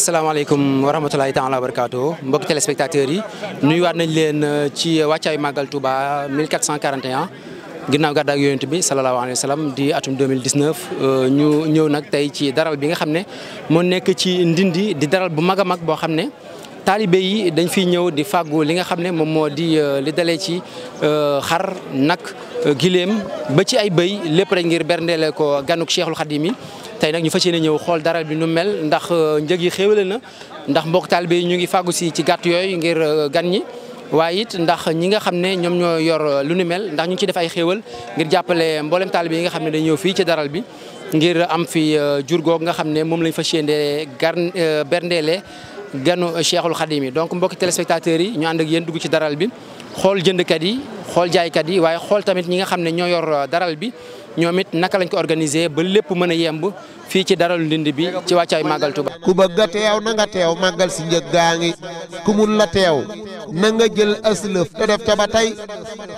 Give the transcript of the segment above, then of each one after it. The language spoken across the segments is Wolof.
asalaamaaleykum wa rahmatulahi taala wa barakaatu mbokki téléspectateurs yi nuyuwaat nañ leen euh, ci wàccaayu màggal Touba 1441 ginnaaw gàddaak yonent bi salallaahu alayhi wa sallam di atum 2019 euh, ñu ñëw nag tey ci daral bi nga xam ne moo nekk ci ndindi di daral bu mag a mag boo xam ne taalibe yi dañ fi ñëw di fàggu li nga xam ne moom moo di euh, li dalee ci xar nag giléem ba ci ay bëy lépp rek ngir berndele ko ganuk Cheikhul Khadim tey nag ñu fas yéene ñëw xool daral bi nu mel ndax euh, njëg yi xéewale na ndax mbokk taalibe yi ñu ngi fàggu si ci gàtt yooyu ngir euh, gan ñi waaye it ndax ñi nga xam ne ñoom ñoo yor euh, lu nu mel ndax ñu ngi ci def ay xéewal ngir jàppale mboolem taalibe yi nga xam ne dañ ñëw fii ci daral bi ngir am fi jur goog nga xam ne moom lañu fa yéene gar berndeele ganu Cheikhul Khadim yi donc mbokki téléspectateurs yi ñu ànd ak yéen dugg ci daral bi xool jëndkat yi xool jaaykat yi waaye xool tamit ñi nga xam ne ñoo yor daral bi ñoom it naka lañ ko organiser ba lépp mën a yemb fii ci lu ndindi bi ci wàccaay màggal Tuuba ku bëgg a teew na nga teew màggal si njëg gaa ngi ku mun la teew na nga jël aslëf te def ca ba tey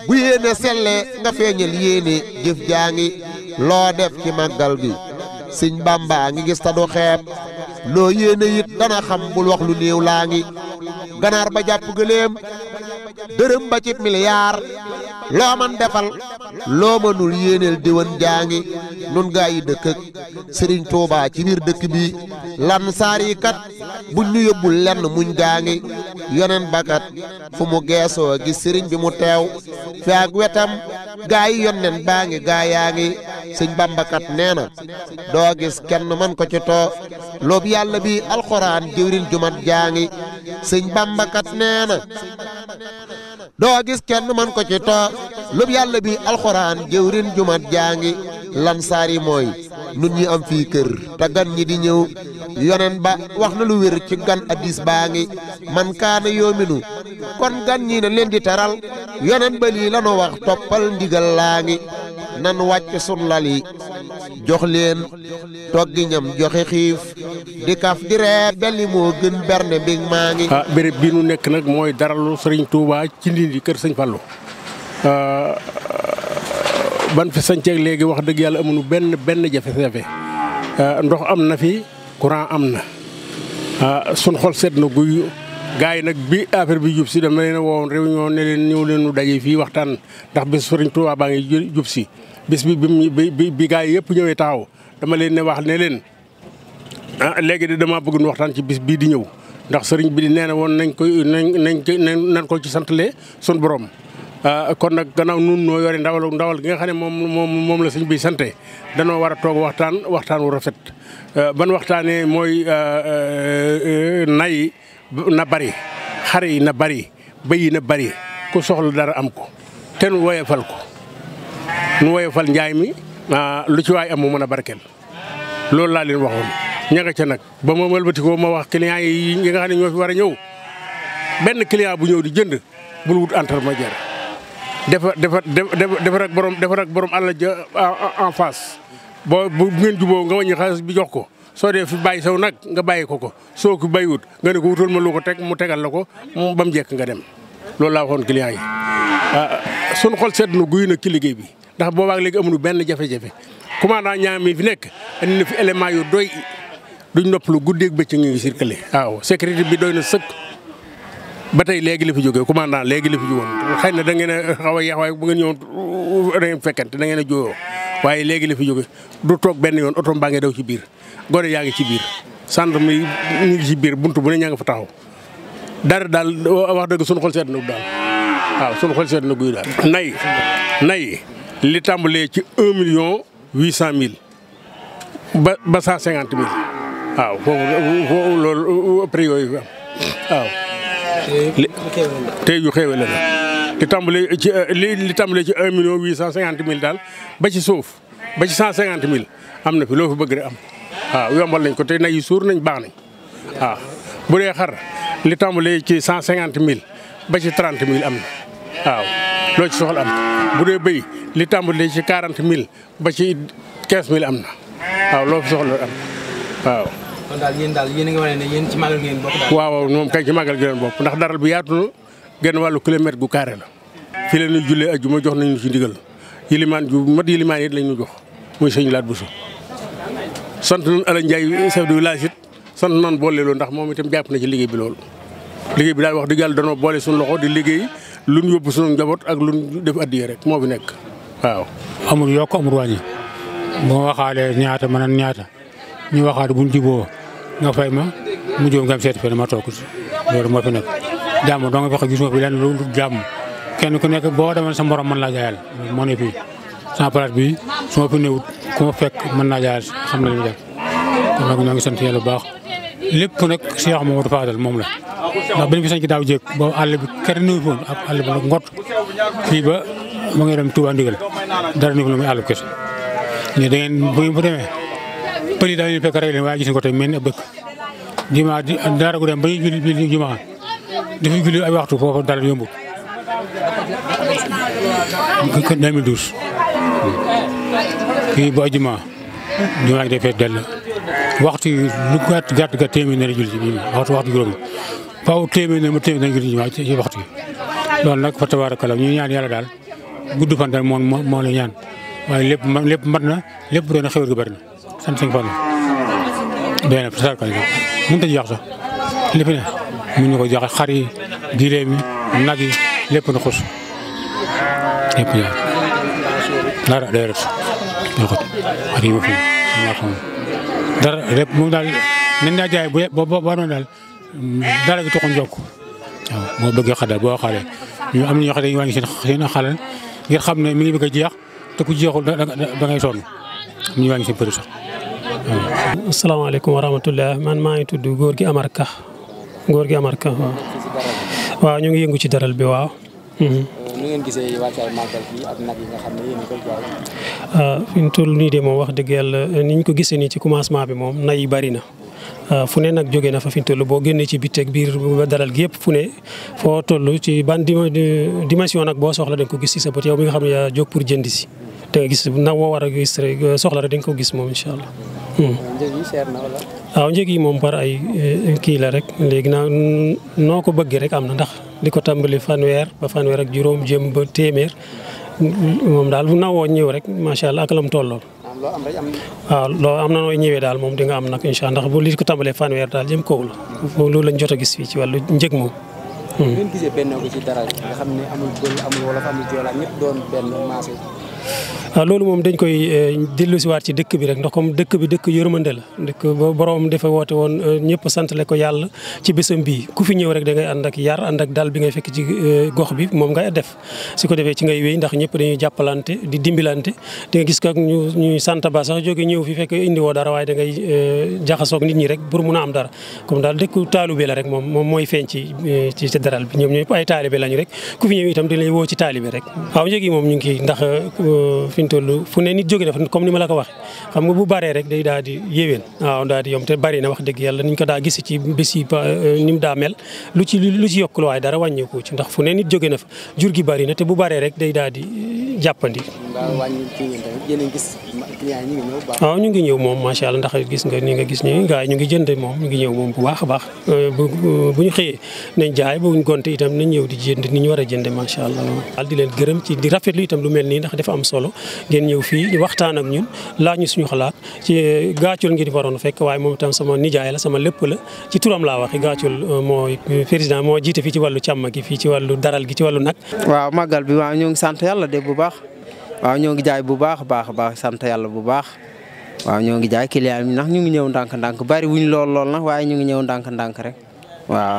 bu yéene sellee nga feeñal yéene jëf jaa ngi loo def ci màggal gi sëñ Bàmba ngi gis ta du xeeb loo yéene it dana xam bul wax lu néew laa ngi ganaar ba jàpp gëléem dërëm ba ci miliyaar loo man defal loo mënul yéeneel jaa jaangi nun gaa yi dëkk ak Serigne ci biir dëkk bi lan saar yi kat yóbbul lenn muñ gaangi yonen bakat fu mu geesoo gis Serigne bi mu teew fi ak wetam gaa yi baa ngi gaa yaa ngi sëñ bambakat nee na doo gis kenn man ko ci too loobu yàlla bi alxuraan jëwrin jumat jaangi sëñ bambakat nee na doo gis kenn man ko ci to lub yàlla bi alxuraan jëwrin jumat jaa ngi lansaar yi mooy nun ñi am fii kër te gan ñi di ñëw yonen ba wax na lu wér ci gan addis baa ngi man kaana yoominu kon gan ñi na leen di teral yonen ba lii lanu wax toppal ndigal laa ngi nan wàcc sun lal yi jox leen toggi ñam joxe xiif di kaf di ree moo gën berne bi maa ngi. Ah, béréb bi nu nekk nag mooy daralu sëriñ Touba ci Ndindi kër sëñ Fallou ah, ban fi sañceeg léegi wax dëgg yàlla amuñu benn benn jafe-jafe ah, ndox am na fi courant am na sun xol sedd na guy gars yi nag bi affaire bi jub si na leen a woowoon réunion ne leen ñëw leen nu daje fii waxtaan ndax bés sëriñ Touba baa ngi jub si. bis bi bi bi bi gaa yi yëpp ñëwee taxaw dama leen ne wax ne leen ah, léegi de dama bëgg nu waxtaan ci bis bii di ñëw ndax sëriñ bi di nee na woon nañ koy nañ nañ nañ ko ci santalee sun boroom ah, kon nag gannaaw nun noo yore ndawal ndawal gi nga xam ne moom moom moom la sëñ bi sante danoo war a toog waxtaan waxtaan wu rafet ah, ban waxtaanee mooy nay na bari xar yi na bari bëy na bari ku soxla dara am ko ten woyefal ko. nu woyofal njaay mi ah, lu ci waay am mu mën a barkeel loolu laa leen waxoon. ña nga ca nag ba ma wëlbatikoo ma wax client yi ñi nga xam ne ñoo fi war a ñëw benn client bu ñëw di jënd bul wut intermédiaire defar defar defar ak borom defar ak borom àll ja en face. boo bu ngeen juboo nga wàññi xaalis bi jox ko soo dee fi bàyyi saw nag nga bàyyi ko ko soo ko bàyyiwut nga ne ko wutal ma lu ko teg mu tegal la ko ba mu jekk nga dem loolu laa waxoon client yi. Ah, ah, sun xol seet na guy bi. ndax boobaag léegi amuñu benn jafe-jafe commandant ñaam mi fi nekk andi na fi élément yu doy duñ noppalu guddeeg bëccëg ñu ngi circulé waaw sécurité bi doy na sëkk ba tey léegi la fi jóge commandant léegi la fi jógoon xëy na da ngeen a xaw a yeex waaye bu ngeen ñëwoon da ngeen fekkante da ngeen a jóyoo waaye léegi la fi jóge du toog benn yoon oto mbaa ngi daw ci biir gone yaa ngi ci biir centre mi ñu ngi ci biir bunt bu ne ñaa nga fa taxaw dara daal wax dëgg sunu xol na daal waaw sunu xol sedd na guy daal nay nay li tàmbalee ci un million huit cent mille ba ba cent cinquante mille waaw foofu yooyu fi am waaw. tey yu xéewal la li li tàmbalee ci un million huit cent cinquante mille daal ba ci suuf ba ci cent cinquante mille am na fi loo fi bëgg rek am waaw yombal nañ ko te nag suur nañ baax nañ waaw bu dee xar li tàmbalee ci cent cinquante mille ba ci trente mille am na waaw loo ci soxla am bu dee béy li tàmbalee ci quarante mille ba ci quinze mille am na waaw loo fi soxla am waaw. kon daal yéen daal waaw moom kay ci màggal gi leen ndax daral bi yaatu na genn wàllu kilomètre gu carré la. fii la ñuy jullee ajjuma jox nañu ci ndigal yilimaan ju mat yilimaan it lañ ñu jox muy sëñ Laat Bousso sant nañu Ala Ndiaye chef de village it sant nañu boole loolu ndax moom itam jàpp na ci liggéey bi loolu. liggéey bi daal wax dëgg yàlla danoo boole suñu loxo di liggéey lu ñu yóbbu sunu njaboot ak lu ñu def rek moo fi nekk waaw. amul yokk amul wàññi waxaalee ñaata ma naan ñaata ñu waxaat buñ jiboo nga fay ma mu jóg nga seet fenn ma toog loolu moo fi nekk nga fexe gisuma fi lenn lu jàmm kenn ku nekk boo demoon sa morom mën laa jaayal moo ne fii sama place bi su ma fi néewut ku ma fekk mën naa jaayal xam na li mu def kon nag ñoo ngi sant yàlla baax. lépp nag Cheikh Mamadou Fadal moom la ndax bi ñu fi sañ ci daaw jéeg boobu àll bi kenn nuyu ak àll ba nag fii ba mu ngi dem Touba ndigal dara nuyu muy àll bu kese ñu da ngeen bu ngeen fa demee pël yi dañuy fekk rek leen waaye gis nga ko tey julli ay waxtu foofu dara yombut fii ba jumaa jumaa gi day fees dell waxtu yi lu gàtt gàtt ga téeméer na la julli ci waxtu waxtu juróomi téeméer na ma téeméer na julli ci waxtu loolu nag fa tabaarakala ñu ñaan yàlla daal gudd fan daal moo la ñaan waaye lépp lépp mat na lépp doon na xéwal gi bari na sant sëñ Fallu doy na tasaarkal mënut a jeex sax lépp ko jox xar yi gileem yi nag yi lépp na xus lépp ñaar dara day ko yi ma fi ñoo xam dara lépp moom daal nañ laa jaay bu yë ba ba noonu daal mm, dara gi taxul jokk moo bëgg xadal boo xalee ñu am na ñoo xam ne dañuy wàññi seen xalal ngir xam ne mi ngi bëgg jeex te ku jeexul da da ngay sonn ñu wàññi seen prix sax waaw. asalaamaaleykum wa rahmatulah man maa ngi tudd góor gi Amar Ka gi Amar Ka waaw waaw ñu ngi yëngu ci daral bi waaw. Mm-hmm. nu ngeen gisee a koy jaay. Ah, nii de moom wax dëgg yàlla eh, ni ko gisee nii ci commencement bi moom nay yi bari na. Ah, fu ne nag jóge na fa fi ñu boo génnee ci bitteeg biir daral gi yëpp fu ne foo toll ci ban dimension nag boo soxla da ko gis si sa bët yow mi nga xam ne yaa jóg pour jënd si. da gis na woo war a gis rek eh, soxla rek da ko gis moom incha allah. Hmm. yi waaw ah, njëg yi moom par ay eh, kii la rek léegi naa noo ko bëggee rek am na ndax. li ko tàmbali fanweer ba fanweer juróom jëm ba téeméer moom daal bu nawoo ñëw rek macha la ak lam tollool waaw loo am na ñëwee daal moom di nga am nag incha ndax bu li ko tàmbalee fanweer daal jëm kaw la loolu lañ jot a gis fii ci wàllu njëg moom hmm. Ah, loolu moom dañ koy eh, dellusiwaat ci dëkk bi rek ndax comme dëkk bi dëkk yërmande la dëkk borom dafa woote woon eh, ñëpp santale ko yàlla ci bésam bii ku fi ñëw rek da ngay ànd ak yar ànd ak dal bi ngay fekk ci eh, gox bi moom ngay def su ko defee ci ngay wéy ndax ñëpp dañuy jàppalante di dimbilante gis ko ak ñu ñuy sant ba sax joge ñëw fi fekk indi woo dara waaye da ngay jaxasoog nit ñi rek pour mun am dara comme daal taalu be la rek moom moom mooy feeñ ci ci ci daral bi ñoom ñëpp ay taalibe lañu rek ku fi ñëw itam dañ lay woo ci taalibe rek waaw njëg moom ñu ngi ndax fi ñu toll fu ne nit jóge na fa ni ma la ko waxee xam nga bu baree rek day daal di yéwén waaw daal di yom te bari wax dëgg yàlla niñ ko daa gis ci bés yi euh, ni mu daa mel lu ci lu ci yokk waaye dara wàññeeku ci ndax fu ne nit jóge na jur gi bari te bu baree rek day daal di euh, client yi ñu ngi ñëw waaw ñu ngi ñëw moom macha allah ndax gis nga ni nga gis ñu ngi jënd moom ñu ngi ñëw moom bu baax a baax euh, bu bu ñu xëyee nañ jaay bu ñu itam nañ ñëw di jënd ni ñu war a jënde macha allah daal di leen gërëm ci di lu itam lu mel nii ndax dafa am solo ngeen ñëw fii waxtaan ak ñun laaj ñu suñu xalaat ci euh, gaacul ngeen waroon fekk waaye moom itam sama nijaay la sama lépp la ci turam laa waxi gaacul euh, mooy président moo jiite fii ci wàllu càmm gi fii ci wàllu daral gi ci wàllu nag waaw waaw ñoo ngi jaay bu baax a baax a baax sant yàlla bu baax waaw ñoo ngi jaay client yi ndax ñu ngi ñëw ndànk-ndànk bari wuñ lool lool na waaye ñu ngi ñëw ndànk-ndànk rek waaw.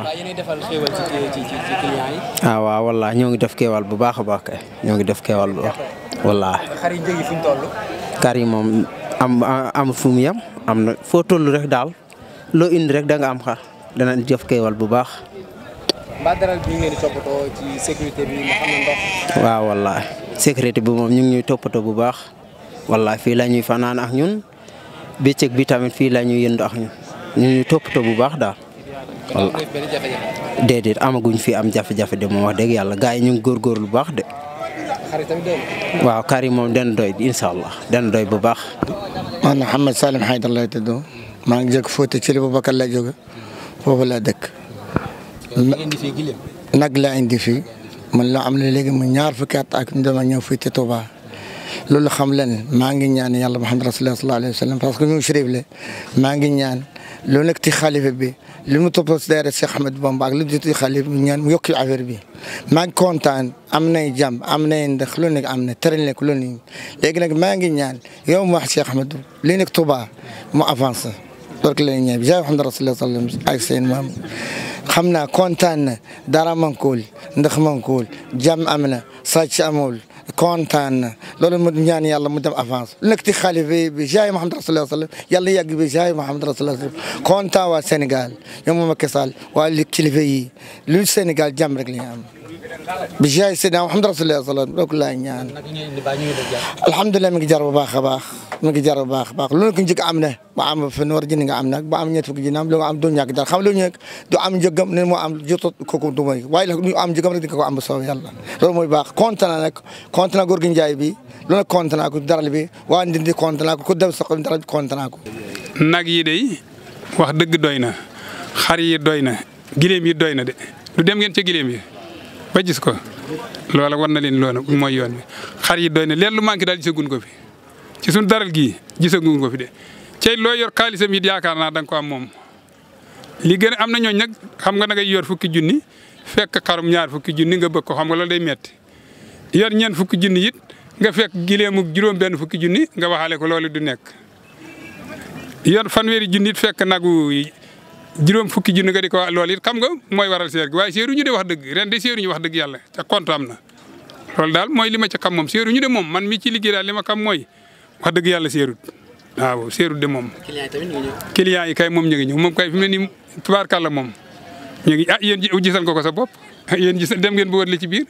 Ah, waaw walla ñoo ngi def keewal bu baax a baax kay ñoo ngi def keewal bu baax wallaahi. kar yi moom am am fu am na foo toll rek daal loo indi rek danga am xa dana def keewal bu baax. waaw wallaay sécurité bi moom ñu ngi ñuy toppatoo bu baax wallaay fii la ñuy fanaan ak ñun bëccëg bi tamit fii la ñuy yëndu ak ñun ñuy toppatoo bu baax daal. wallaay déedéet amaguñ fi am jafe-jafe de moom wax dëgg yàlla gars yi ñu ngi góorgóorlu bu baax de. waaw kari moom den doy incha allah den doy bu baax. man Mouhamed Salim Haydara lay tudd maa ngi jóg Fouta ci li Boubacar laa jóge foofu la dëkk. nag laa indi fii man la am na léegi mu ñaar fukki at ak dama ñëw fii ci Touba loolu xam leen maa ngi ñaan yàlla Muhammad rasulullah sallallahu alayhi wa sallam parce que ñu shérif la maa ngi ñaan loolu nag ci xalifa bi li mu toppal si daara Cheikh Ahmed Bamba ak li mu ci xalifa bi ñaan mu yokk affaire bi maa ngi kontaan am nay jàmm am nay ndax loolu nag am na tëral nekk loolu nag léegi nag maa ngi ñaan yow mu wax Cheikh Ahmed lii nag Touba mu avancé. donc la ñuy ñaan bi jaay Muhammad rasulullah sallallahu alayhi wa sallam ak seen maam xam naa kontaan na dara mankuwul ndax mankuwul jàmm am na sàcc amul kontaan na loolu mu ñaan yàlla mu dem avance lu nekk ci xaalif bi bi jaay Muhammad rasulullah sallam yàlla yàgg bi jaay Muhammad rasulullah sallam kontaan waa Sénégal ñoom moom ak Sall waa li kilifa yi lu Sénégal jàmm rek la ñu am bi jaay Seydina Muhammad rasulullah sallallahu alayhi wasallam loolu laay ñaan alhamdulilah mi ngi jar bu baax a baax mi ngi jar bu baax a baax lu nekk njëkk am na ba am fa war jënd nga am nag ba am ñett fukki jënd am lu nga am du ñàkk dara xam lu ñëkk du am njëgam ne moo am jotot kooku du may waaye nag ñu am njëgam rek di ko am ba soob yàlla loolu mooy baax kontaan naa nag kontaan naa góor gi njaay bi lu nekk kontaan naa ko daral bi waa ndindi kontaan naa ko ku dem soxla dara kontaan naa ko nag yi day wax dëgg doy na xar yi doy na giléem yi doy na de lu dem ngeen ca giléem yi ba gis ko loola war na leen loolu mooy yoon bi xar yi doy na leen lu manqué daal gisaguñ ko fi ci suñu daral gii gisaguñ ko fi de cey loo yor xaalisam it yaakaar naa da nga ko am moom li gën am na ñooñ nag xam nga da ngay yor fukki junni fekk xarum ñaar fukki junni nga bëgg ko xam nga loolu day metti yor ñeent fukki junni yit nga fekk gileemu juróom benn fukki junni nga waxaale ko loolu du nekk yor fanweeri junni it fekk nagu juróom fukki junni nga di ko lool it xam nga mooy waral seer gi waaye seeru ñu de wax dëgg ren de seeru ñu wax dëgg yàlla ca compte na. loolu daal mooy li ma ca xam moom seeru ñu de moom man mi ci liggéey daal li ma xam mooy wax dëgg yàlla seerut waaw seerut de moom. client yi kay moom ñu ñëw moom kay fi mu ne nii tubaarkàlla moom ñu ngi ah yéen ji nga ko sa bopp yéen gis dem ngeen ba wër li ci biir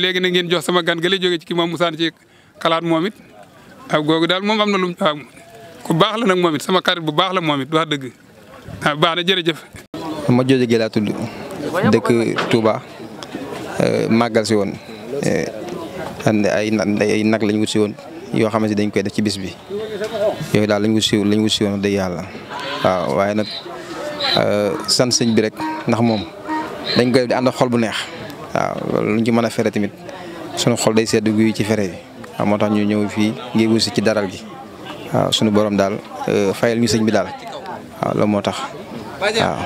léegi na ngeen jox sama gan gële jóge ci kii moom Moussa ci kalaat moom it waaw googu daal moom am na lu ku baax la nag moom it sama xarit bu baax la moom it wax dëgg ah jërëjëf. ma jooju gi laa tudd dëkk Touba euh, màggal si woon euh, ay ay nag lañ wut si woon yoo xamante dañ koy def ci bis bi yooyu daal lañ wut si lañ wut si woon dëgg yàlla waaw waaye nag euh, san sëñ bi rek ndax moom dañ koy di ànd xol bu neex waaw luñ ci mën a fere tamit sunu xol day sedd guy ci fere yi waaw moo tax ñu ñëw fii ngi wut si ci daral gi waaw sunu borom daal fayal ñu sëñ bi daal. waaw loolu moo tax waaw.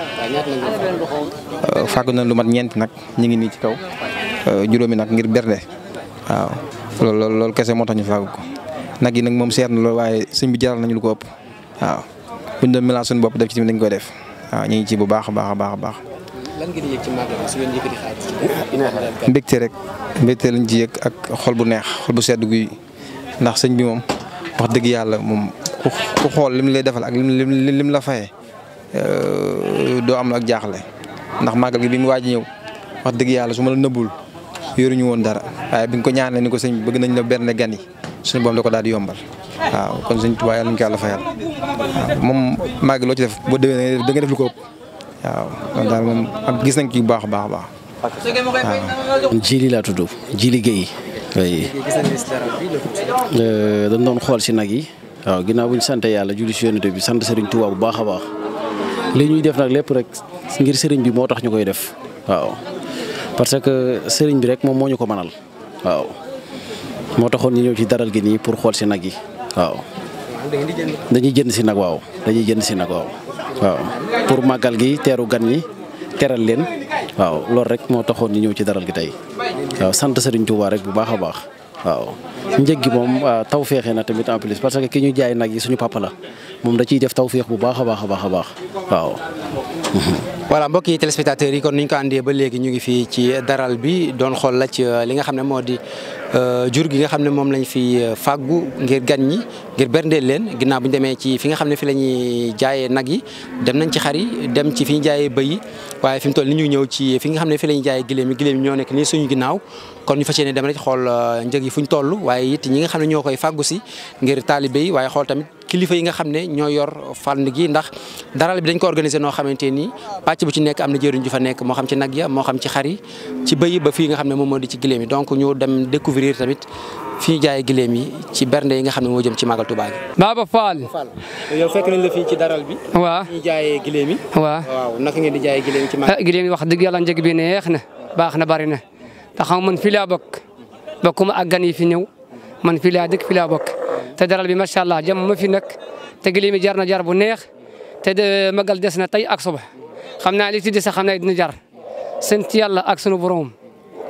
na lu mat ñeent nag ñu ngi nii ci kaw euh, juróomi nag ngir bernde waaw lool loolu kese moo tax ñu fàgg ko nag yi nag moom seer na loolu waaye sëñ bi jaral nañu lu ko ëpp waaw buñ doon melaat suñu bopp def dañ koy def ñu ngi ci bu baax a baax a baax rek mbégte lañ ci yëg ak xol bu neex xol bu sedd guy ndax sëñ bi moom wax dëgg yàlla moom ku ku xool lim lay defal ak lim la fayee euh, doo am ak jaaxle ndax màggal gi bi mu waaj ñëw wax dëgg yàlla su ma la nëbbul yoruñu woon dara waaye bi nga ko ñaanalee ni ko sëñ bëgg nañ la berne gan yi suñu boom la ko daal di yombal waaw kon sëñ Tuubaa yàlla ñu ko moom màggal loo ci def boo déwénee da nga def lu ko waaw moom ak gis nañ ci bu baax a baax a baax. waaw. Jili laa tudd Jili Guèye. Euh, dañ doon xool si nag yi. waaw ginnaaw bu ñu sant yàlla julli si yonent bi sant sëriñ Tuubaa bu baax a baax li ñuy def nag lépp rek ngir sëriñ bi moo tax ñu koy def waaw parce que sëriñ bi rek moom moo ñu ko manal waaw moo taxoon ñu ñëw ci daral gi nii pour xool si nag yi jënd si nag waaw dañuy jënd si nag waaw. waaw pour màggal gi teeru gan ñi teral leen waaw loolu rek moo taxoon ñu ñëw ci daral gi tey waaw sant sëriñ Tuubaa rek bu baax a baax. waaw njëg gi moom taw feexee na tamit en plus parce que ki ñu jaay nag yi suñu papa la moom da ciy def taw feex bu baax a baax a baax a baax waaw. voilà mbokk yi téléspectateurs yi kon ni ñu ko àndee ba léegi ñu ngi fii ci daral bi doon xool la ci euh, li nga xam ne moo di euh, jur gi nga xam ne moom lañ fi euh, fàggu ngir gan ñi ngir berndeel leen ginnaaw bu ñu demee ci fi nga xam ne fi la ñuy jaayee nag yi dem nañ ci xar yi dem ci fi ñu jaayee bëy yi fi mu toll ni ñu ñëw ci fi nga xam ne fi la ñuy jaayee giléem yi giléem ñoo nekk nii suñu ginnaaw kon ñu fas ne dem rek xool njëg yi fu ñu toll waaye it ñi nga xam ne ñoo koy fàggu si ngir taalibe yi waaye xool tamit kilifa yi nga xam ne ñoo yor fànn gi ndax daral bi dañ ko organiser noo xamante ni pàcc bu ci nekk am na jëriñ ju fa nekk moo xam ci nag ya moo xam ci xar ci bëy ba fii nga xam ne moom moo di ci giléem yi donc ñu dem découvrir tamit fi ñu jaayee giléem yi la fii ci ah, wax dëgg yàlla njëg bi neex na baax na bari na te xam man fii laa bokk bokkuma ak gan yi fi ñëw man fii laa dëkk fii bokk te daral bi macha allah jàmm ma fi nag te gëléem yi jar na jar bu neex te de magal des na tey ak suba xam naa li ci des xam naa dina jar sant yàlla ak sunu borom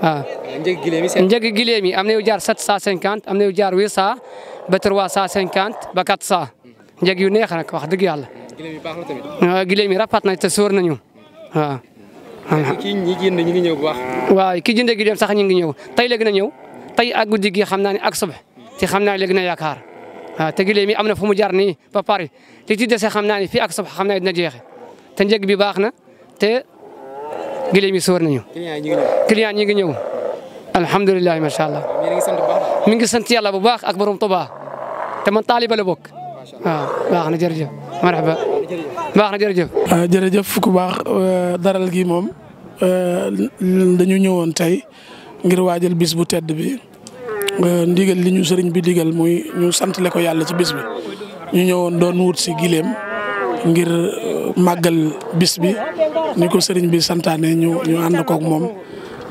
waaw. njëg yi njëg gëléem yi am na yu jaar 750 am na yu jaar 800 ba 350 ba 400 njëg yu neex nag wax dëgg yàlla. gëléem yi baax na tamit. gëléem na nañu waaw. kii ñi ñu ñëw bu baax. waaw ki jënd gi sax ñu ngi ñëw tey léegi na ñëw tey ak guddi gi xam naa ne ak suba te xam naa léegi na yaakaar. waaw ah, te gileem yi am na fu mu jaar nii ba Paris li ci dese xam naa ne fii ak suba xam naa dina jeexe te njëg bi baax na te gileem yi sóor nañu. client ñi ngi ñëw alhamdulilah macha allah. mi ngi sant yàlla bu baax ak borom Tuubaa te man taaliba la bokk waaw ah, baax na jërëjëf marhaba baax na jërëjëf. Ah, jërëjëf ku baax euh, daral gi moom euh, dañu ñëwoon tey ngir waajal bis bu tedd bi. ndigal li ñu sëriñ bi digal muy ñu santale ko yàlla ci bis bi ñu ñëwoon doon wut si gileem ngir uh, màggal bis bi ni ko sëriñ bi santaane ñu ànd kook moom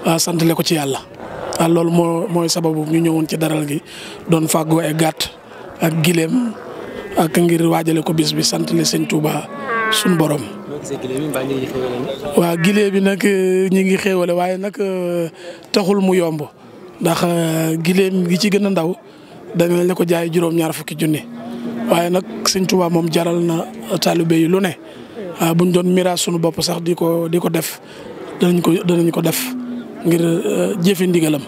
uh, santale ko ci yàlla. waaw uh, loolu moo mooy sababu ñu ñëwoon ci daral gi doon fàggu gàtt ak gileem ak ngir waajale ko bis bi santale sëñ Touba suñ borom. waa gile bi nag ñi ngi xéewale waaye nag taxul mu yomb. ndax euh, gileem gi ci gën a ndaw danañ la ko jaay juróom-ñaar fukki junni waaye nag sëñ Tuubaa moom jaral na taalibe yi lu ne ah, buñ doon miraas sunu bopp sax di ko di ko def danañ ko danañ ko def ngir euh, jëfe ndigalam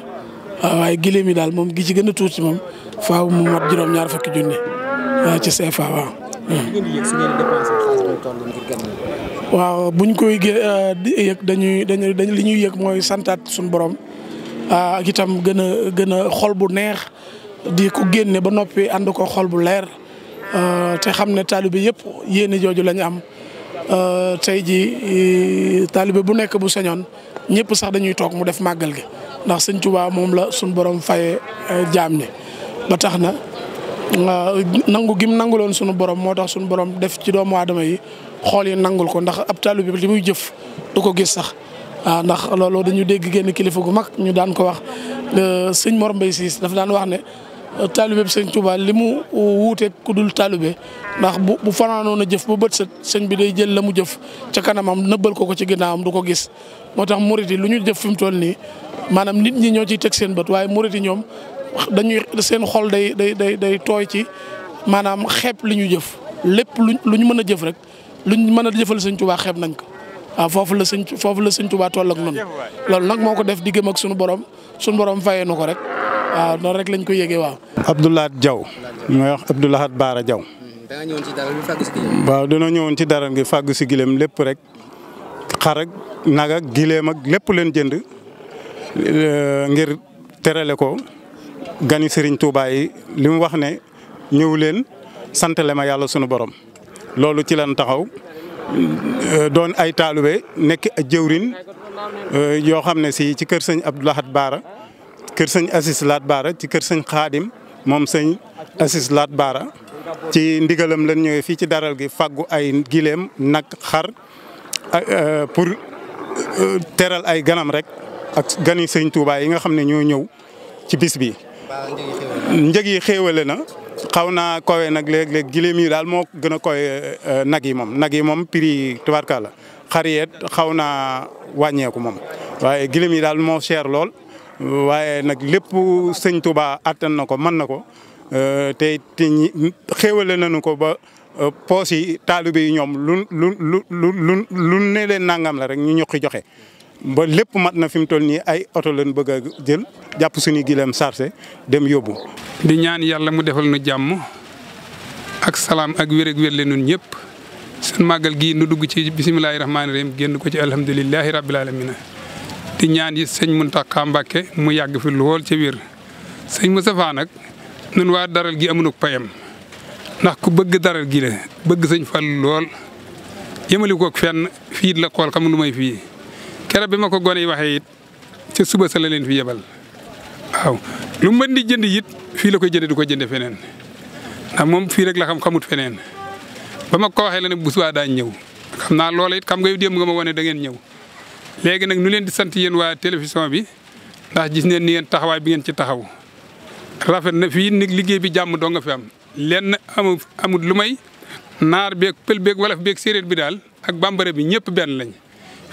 ah, waaye gileem yi daal moom gi ci gën a tuuti moom faaw mu mat juróom-ñaar fukki junni ah, ci CFA waaw. Hmm. waaw buñ koy euh, yëg dañuy dañuy li yëg mooy santaat sunu borom. Ah, ak itam gën a gën a xol bu neex di ko génne ba noppi ànd ko xol bu leer ah, te xam ne taalibe yëpp yéene jooju lañu am ah, tey ji eh, taalibe bu nekk bu señoon ñëpp sax dañuy toog mu def màggal gi ndax sëñ Tuubaa moom la suñ borom fayee eh, jaam ñi ba tax na nangu gim nanguloon sunu borom moo tax sunu borom def ci doomu aadama yi xool yi nangul ko ndax ab taalibe bi di muy jëf du ko gis sax ah ndax loolu dañu dégg génn kilifa gu mag ñu daan ko wax sëñ Mor Mbaye Cissé dafa daan wax ne euh, taalibe bi sëñ Touba li mu wuuteeg ku dul taalibe ndax bu bu fanaanoon a jëf ba bët set sëñ bi day jël la mu jëf ca kanamam nëbbal ko ko ci ginnaawam du ko gis moo tax murit yi lu ñu jëf fi mu toll nii maanaam nit ñi ñoo ciy teg seen bët waaye murit ñoom dañuy seen xol day day day day tooy ci maanaam xeeb li ñu jëf lépp lu ñu mën a jëf rek lu ñu mën a jëfal sëñ Touba xeeb nañ ko. waaw ah, foofu la sëñ foofu la sëñ Tuubaa toll loolu nag moo ko def diggam ak sunu borom sunu borom fayee nu ko rek waaw ah, noonu rek lañ koy yëgee waaw. Abdoulahat Diaw mooy wax Abdoulahat Baara Diaw. Hmm, ñëwoon ci dara gi fàgg si gileem. waaw dañoo ñëwoon ci dara lépp rek xar ak nag ak gileem ak leen jënd ngir terale ko gani sëriñ Touba yi li mu wax ne ñëw leen santale ma yàlla sunu boroom loolu ci lan taxaw. Euh, doon ay taalibe nekk jëwrin euh, yoo xam ne si ci kër sëñ Abdou Lahad Baara kër sëñ Assis Laat Baara ci kër sëñ Xaadim moom sëñ Assis Laat Baara ci ndigalam lañ ñëwee fii ci daral gi faggu ay gileem nag xar euh, pour teral ay ganam rek ak gani sëñ Touba yi nga xam ne ñoo ñëw ci bis bi njëg xéewale na xaw naa kawe nag léeg-léeg gileem yi daal moo gën a kawe euh, nag yi moom nag yi moom prix yi tubaarkàlla xar yeet xaw naa wàññeeku moom waaye gileem yi daal moo cher lool. waaye nag lépp sëñ Touba attan na ko mën na ko euh, te te ñi nañu ko ba euh, poos yi taalibe yi ñoom lu lu lu lu lu ne leen nangam la rek ñu ñokki joxe. ba lépp mat na fi mu toll nii ay oto lañ bëgg a jël jàpp suñu gileem sarse dem yóbbu. di ñaan yàlla mu defal nu jàmm ak salaam ak wér ak wér le nun ñëpp sun màggal gii nu dugg ci bisimilahi rahmaani rahim génn ko ci alhamdulilahi rabbil alamina di ñaan yi sëñ Muntaxa Mbàkke mu yàgg fi lool ci wér sëñ Moustapha nag nun waa daral gi amunuk payam ndax ku bëgg daral gi la bëgg sëñ Fall lool yëmali kook fenn fii la xool xam lu may fii keroog bi ma ko gone yi waxee it ca suba sa la leen fi yebal waaw lu di jënd it fii la koy jënd du ko jënde feneen ndax moom fii rek la xam xamut ba ma ko waxee la ne bu ñëw xam naa loola it xam nga démb nga ma wane da ñëw léegi nag nu leen di sant yéen waa télévision bi ndax gis neen ni ngeen taxawaay bi ngeen ci taxaw rafet na fii nag liggéey bi jàmm doo nga fi am lenn amut lu may naar beeg pël beeg wolof beeg séeréer bi daal ak bambara bi ñëpp benn lañ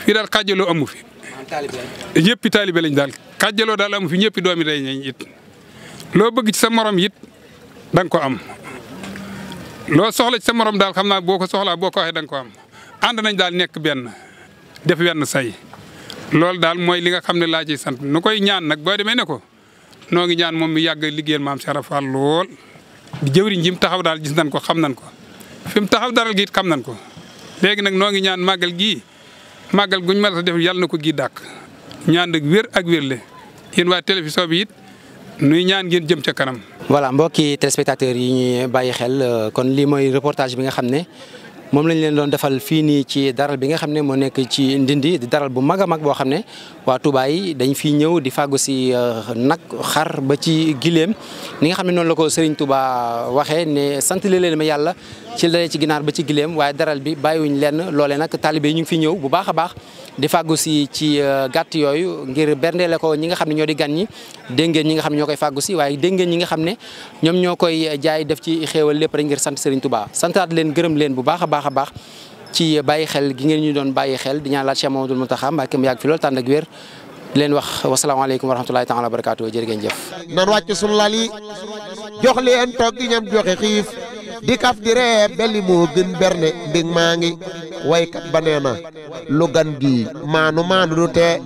fii daal xàjjaloo amu fi. ñëpp taalibe lañ daal xàjjaloo daal amu fi ñëpp doomi day ñañ it. loo bëgg ci sa moroom it da ko am loo soxla ci sa morom daal xam naa boo ko soxlaa boo ko waxee da ko am ànd nañ daal nekk benn def wenn say. loolu daal mooy li nga xam ne laaj ciy sant nu koy ñaan nag boo demee ne ko noo ngi ñaan moom mu yàgg liggéeyal maam Cheikh Fall lool di jëwriñ ji mu taxaw daal gis nañ ko xam nañ ko fi mu taxaw daral gi it xam nañ ko màggal guñ mën a def yàlla na ko gii dàkk ñaan ak wér ak wér le yéen waa télévision bi it nuy ñaan ngeen jëm ca kanam. voilà mbokki téléspectateurs yi ñuy bàyyi xel euh, kon lii mooy reportage bi nga xam ne moom lañu leen doon defal fii nii ci daral bi nga xam ne moo nekk ci Ndindi di daral bu mag a mag boo xam ne waa tubaay yi dañ fiy ñëw di fàggu si euh, nag xar ba ci gileem ni nga xam ne noonu la ko Serigne Touba waxee ne sant leen ma yàlla ci la ci ginaar ba ci gileem waaye daral bi bàyyiwuñ lenn loole nag taalibe ñu fi ñëw bu baax a baax. di fàggu si ci euh, gàtt yooyu ngir berndeele ko ñi nga xam ne ñoo di gan ñi dégg ngeen ñi nga xam ne ñoo koy fàggu si waaye dégg ngeen ñi nga xam ne ñoom ñoo koy euh, jaay def ci xéewal lépp ngir sant Serigne Touba santaat leen gërëm leen bu baax a baax a baax ci euh, bàyyi xel gi ngeen ñu doon bàyyi xel di ñaan laat Cheikh Mamadou Mountakha Mbacké mu yàgg fi loolu tànn ak wér di leen wax wasalaamaaleykum wa rahmatulahi taala wa barakaatu jërë ngeen jëf nan wàcc sunu lal yi jox leen di kaf di ree beli moo gën berne mbég maa ngi waykat ba nee na lu gan gii maanu maanu du tee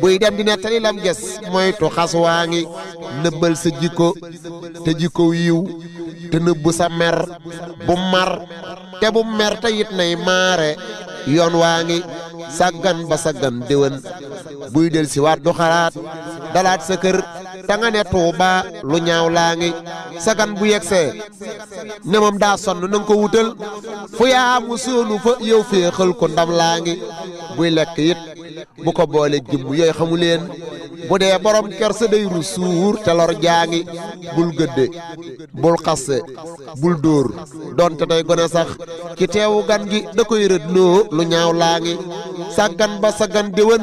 buy dem di nettali lam ges moytu xas waa ngi nëbbal sa jikko te jikko yiw te nëbbu sa mer bu mar te bu mer te it nay maare yoon waa ngi saggan ba saggan déwén buy del si waat xalaat dalaat sa kër te nga ne tuuba lu ñaaw laa ngi sagan bu yegsee ne moom daa sonn na ko wutal fu yaa mu soonu fa yow féexal ko ndam laa ngi buy lekk it bu ko boole jëmm yooyu xamu leen bu dee borom kersa day ru suur te lor jaa ngi bul gëdde bul xasse bul dóor donte day gone sax ki teewu gan gi da koy rëdloo lu ñaaw laa ngi sàggan ba sàggan déwén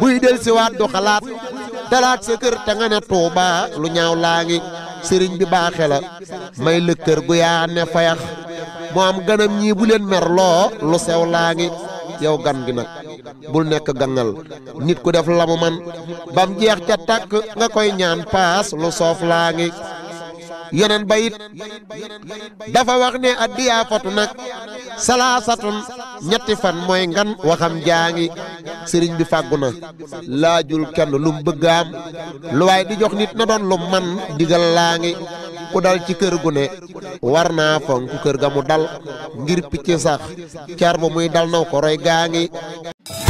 buy del siwaat du xalaat dalaat sa kër te nga ne tuuba lu ñaaw laa ngi sëriñ bi baaxe la may lëkkër gu yaa ne fayax mu am ganam ñii bu leen merloo lu sew laa ngi yow gan gi nag bul nekk gangal nit ku def lamu man bam jeex ca tàkk nga koy ñaan paas lu soof laa ngi yeneen bayit dafa wax ne addiyaafatu nag salaasatun ñetti fan mooy ngan waxam jaa ngi sëriñ bi fàggu na laajul kenn lum bëggaam lu waay di jox nit na doon lum man digal laa ngi ku dal ci kër gu ne war naa fonk kër ga mu dal ngir picc sax car ba muy dal naw ko roy gaa ngi